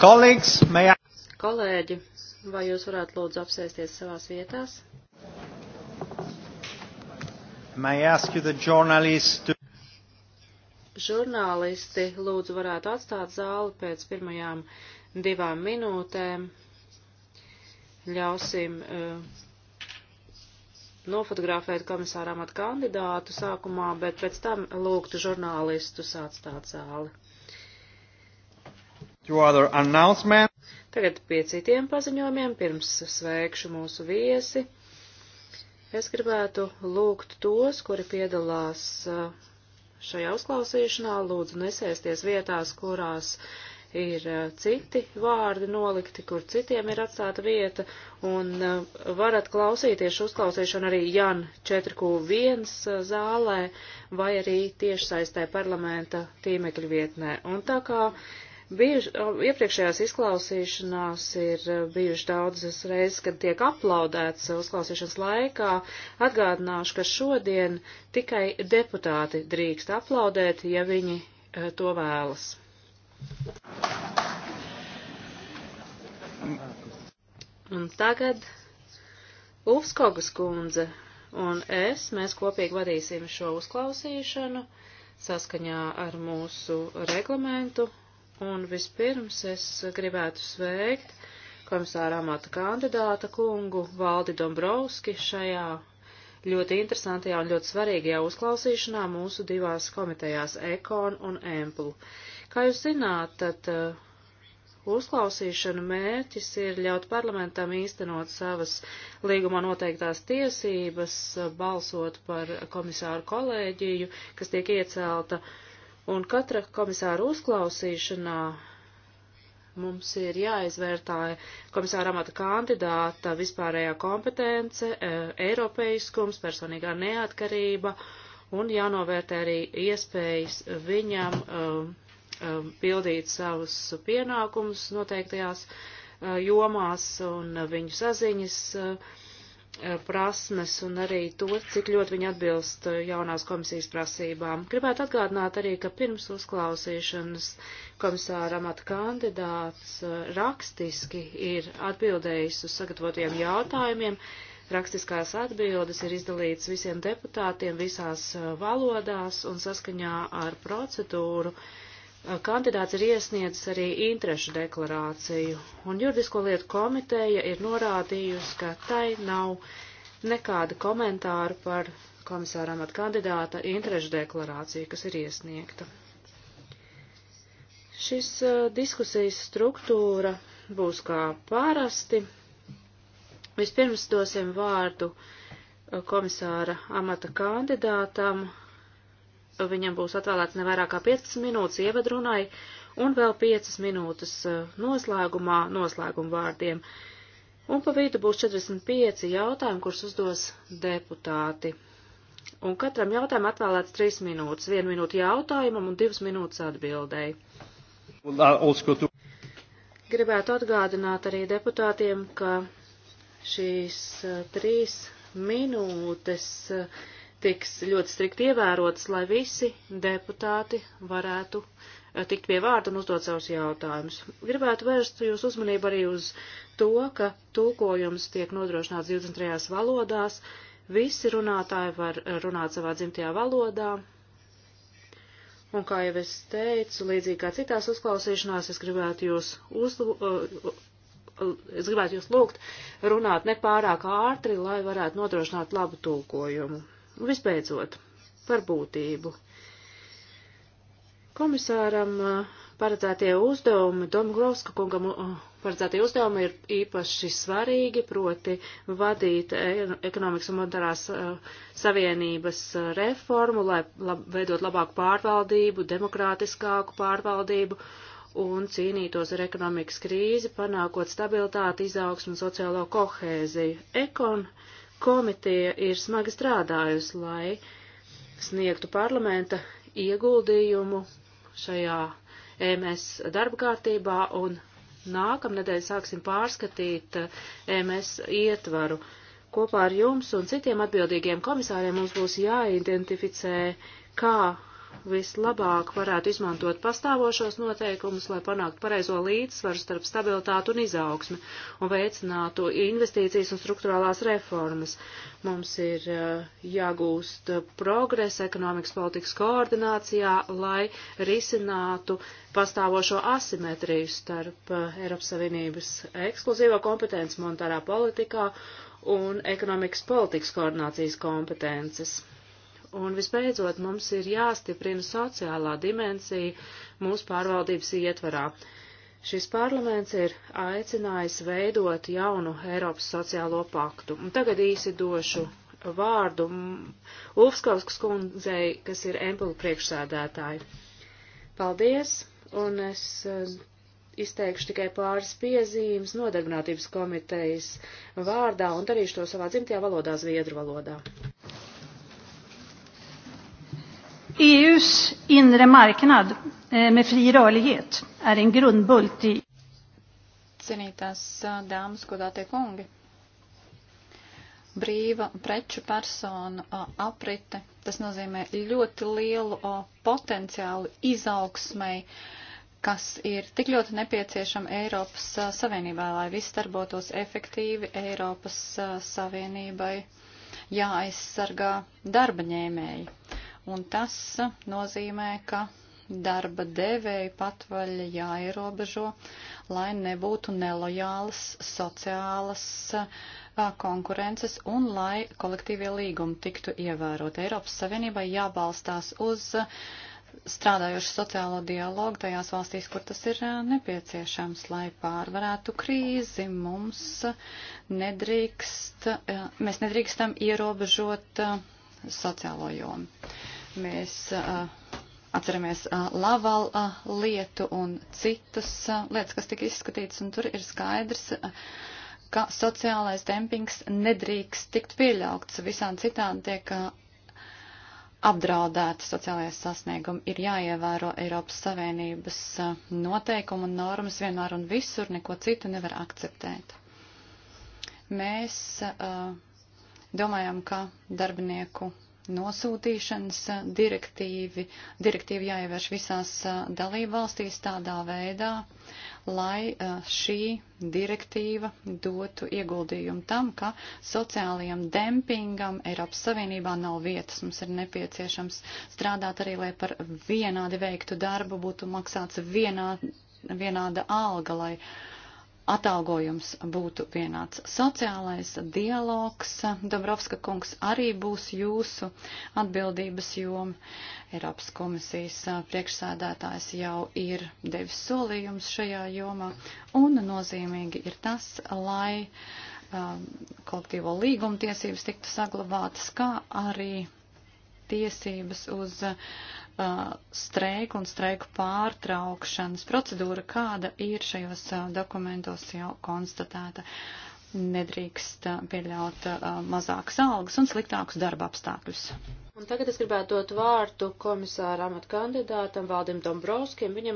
Kolēģis, I... Kolēģi, vai jūs varētu lūdzu apsēsties savās vietās? To... Žurnālisti lūdzu varētu atstāt zāli pēc pirmajām divām minūtēm. Ļausim uh, nofotografēt komisāram at kandidātu sākumā, bet pēc tam lūgtu žurnālistus atstāt zāli. Tagad pie citiem paziņojumiem, pirms sveikšu mūsu viesi. Es gribētu lūgt tos, kuri piedalās uh, šajā uzklausīšanā, lūdzu nesēsties vietās, kurās ir uh, citi vārdi nolikti, kur citiem ir atstāta vieta, un uh, varat klausīties uzklausīšanu arī Jan 4Q1 zālē vai arī tiešsaistē parlamenta tīmekļu vietnē. Un tā kā Bieži, iepriekšējās izklausīšanās ir e, bijuši daudzas reizes, kad tiek aplaudēts e, uzklausīšanas laikā. Atgādināšu, ka šodien tikai deputāti drīkst aplaudēt, ja viņi e, to vēlas. Un tagad Ulfskogas kundze un es, mēs kopīgi vadīsim šo uzklausīšanu saskaņā ar mūsu reglamentu un vispirms es gribētu sveikt komisāra amata kandidāta kungu Valdi Dombrovski šajā ļoti interesantajā un ļoti svarīgajā uzklausīšanā mūsu divās komitejās Ekon un Emplu. Kā jūs zināt, tad uh, uzklausīšanu mērķis ir ļaut parlamentam īstenot savas līgumā noteiktās tiesības, balsot par komisāru kolēģiju, kas tiek iecelta uh, Un katra komisāra uzklausīšanā mums ir jāizvērtā komisāra amata kandidāta vispārējā kompetence, e, eiropeiskums, personīgā neatkarība un jānovērtē arī iespējas viņam um, um, pildīt savus pienākumus noteiktajās uh, jomās un viņu saziņas. Uh, Eh, prasmes un arī to, cik ļoti viņi atbilst eh, jaunās komisijas prasībām. Gribētu atgādināt arī, ka pirms uzklausīšanas komisāra amata kandidāts eh, rakstiski ir atbildējis uz sagatavotajiem jautājumiem. Rakstiskās atbildes ir izdalīts visiem deputātiem visās valodās un saskaņā ar procedūru. Uh, Kandidāts ir iesniedzis arī interešu deklarāciju, un juridisko lietu komiteja ir norādījusi, ka tai nav nekāda komentāra par komisāra amata kandidāta interešu deklarāciju, kas ir iesniegta. Šis uh, diskusijas struktūra būs kā parasti. Vispirms dosim vārdu uh, komisāra amata kandidātam, viņam būs atvēlēts nevairāk kā 15 minūtes ievadrunai un vēl 5 minūtes eh, noslēgumā noslēguma vārdiem. Un pa vidu būs 45 jautājumi, kurus uzdos deputāti. Un katram jautājumam atvēlēts 3 minūtes, 1 minūte jautājumam un 2 minūtes atbildēji. Gribētu atgādināt arī deputātiem, ka šīs eh, trīs minūtes uh, tiks ļoti strikti ievērotas, lai visi deputāti varētu eh, tikt pie vārda un uzdot savus jautājumus. Gribētu vērst jūs uzmanību arī uz to, ka tūkojums tiek nodrošināts 23 valodās, visi runātāji var eh, runāt savā dzimtajā valodā, un kā jau es teicu, līdzīgi kā citās uzklausīšanās, es gribētu jūs uzlu... Eh, es gribētu jūs lūgt runāt nepārāk ātri, lai varētu nodrošināt labu tūkojumu. Visbeidzot, par būtību. Komisāram paredzētie uzdevumi, Domgrovska kungam paredzētie uzdevumi ir īpaši svarīgi, proti vadīt e-, ekonomikas un monetārās savienības reformu, lai lab, veidot labāku pārvaldību, demokrātiskāku pārvaldību un cīnītos ar ekonomikas krīzi, panākot stabilitāti, izaugsmu un sociālo kohēziju. Ekon komiteja ir smagi strādājusi, lai sniegtu parlamenta ieguldījumu šajā e MS darba kārtībā un nākamnedēļ sāksim pārskatīt e MS ietvaru. Kopā ar jums un citiem atbildīgiem komisāriem mums būs jāidentificē, kā vislabāk varētu izmantot pastāvošos noteikumus, lai panāktu pareizo līdzsvaru starp stabilitātu un izaugsmi un veicinātu investīcijas un struktūrālās reformas. Mums ir eh, jāgūst eh, progres ekonomikas politikas koordinācijā, lai risinātu pastāvošo asimetriju starp eh, Eiropas Savienības ekskluzīvo kompetenci monetārā politikā un ekonomikas politikas koordinācijas kompetences. Un visbeidzot, mums ir jāstiprina sociālā dimensija mūsu pārvaldības ietvarā. Šis parlaments ir aicinājis veidot jaunu Eiropas sociālo paktu. Un tagad īsi došu vārdu Ulfskauskas kundzei, kas ir Empula priekšsēdētāja. Paldies, un es eh, izteikšu tikai pāris piezīmes nodarbinātības komitejas vārdā un darīšu to savā dzimtajā valodā, zviedru valodā. EUs inre marknad eh, med fri rörlighet är en grundbult i Cienītās eh, dāmas, godātie kungi, brīva preču personu eh, aprite, tas nozīmē ļoti lielu potenciālu izaugsmai, kas ir tik ļoti nepieciešama Eiropas Savienībā, lai viss darbotos efektīvi Eiropas Savienībai jāaizsargā darba ņēmēji Un tas nozīmē, ka darba devēja patvaļa jāierobežo, lai nebūtu nelojālas sociālas konkurences un lai kolektīvie līgumi tiktu ievērot. Eiropas Savienībai jābalstās uz strādājošu sociālo dialogu tajās valstīs, kur tas ir nepieciešams, lai pārvarētu krīzi. Mums nedrīkst, mēs nedrīkstam ierobežot sociālo jomu. Mēs atceramies Laval lietu un citus lietas, kas tika izskatītas, un tur ir skaidrs, ka sociālais dempings nedrīkst tikt pieļaukts. Visādi citādi tiek apdraudēti sociālajais sasniegumi, ir jāievēro Eiropas Savienības noteikumu un normas vienmēr un visur, neko citu nevar akceptēt. Mēs uh, domājam, ka darbinieku nosūtīšanas direktīvi, direktīvi jāievērš visās dalībvalstīs tādā veidā, lai šī direktīva dotu ieguldījumu tam, ka sociālajam dempingam Eiropas Savienībā nav vietas. Mums ir nepieciešams strādāt arī, lai par vienādi veiktu darbu būtu maksāts vienā, vienāda alga, lai uh, atalgojums būtu vienāds. Sociālais dialogs, Dabrovska kungs, arī būs jūsu atbildības joma. Eiropas komisijas priekšsēdētājs jau ir devis solījums šajā jomā, un nozīmīgi ir tas, lai um, kolektīvo līgumu tiesības tiktu saglabātas, kā arī tiesības uz uh, Uh, streiku un streiku pārtraukšanas procedūra, kāda ir šajos uh, dokumentos jau konstatēta. Nedrīkst uh, pieļaut mazākas algas un sliktākus darba apstākļus. Un tagad es gribētu dot vārdu komisāra amata kandidātam Valdim Dombrovskim. Viņam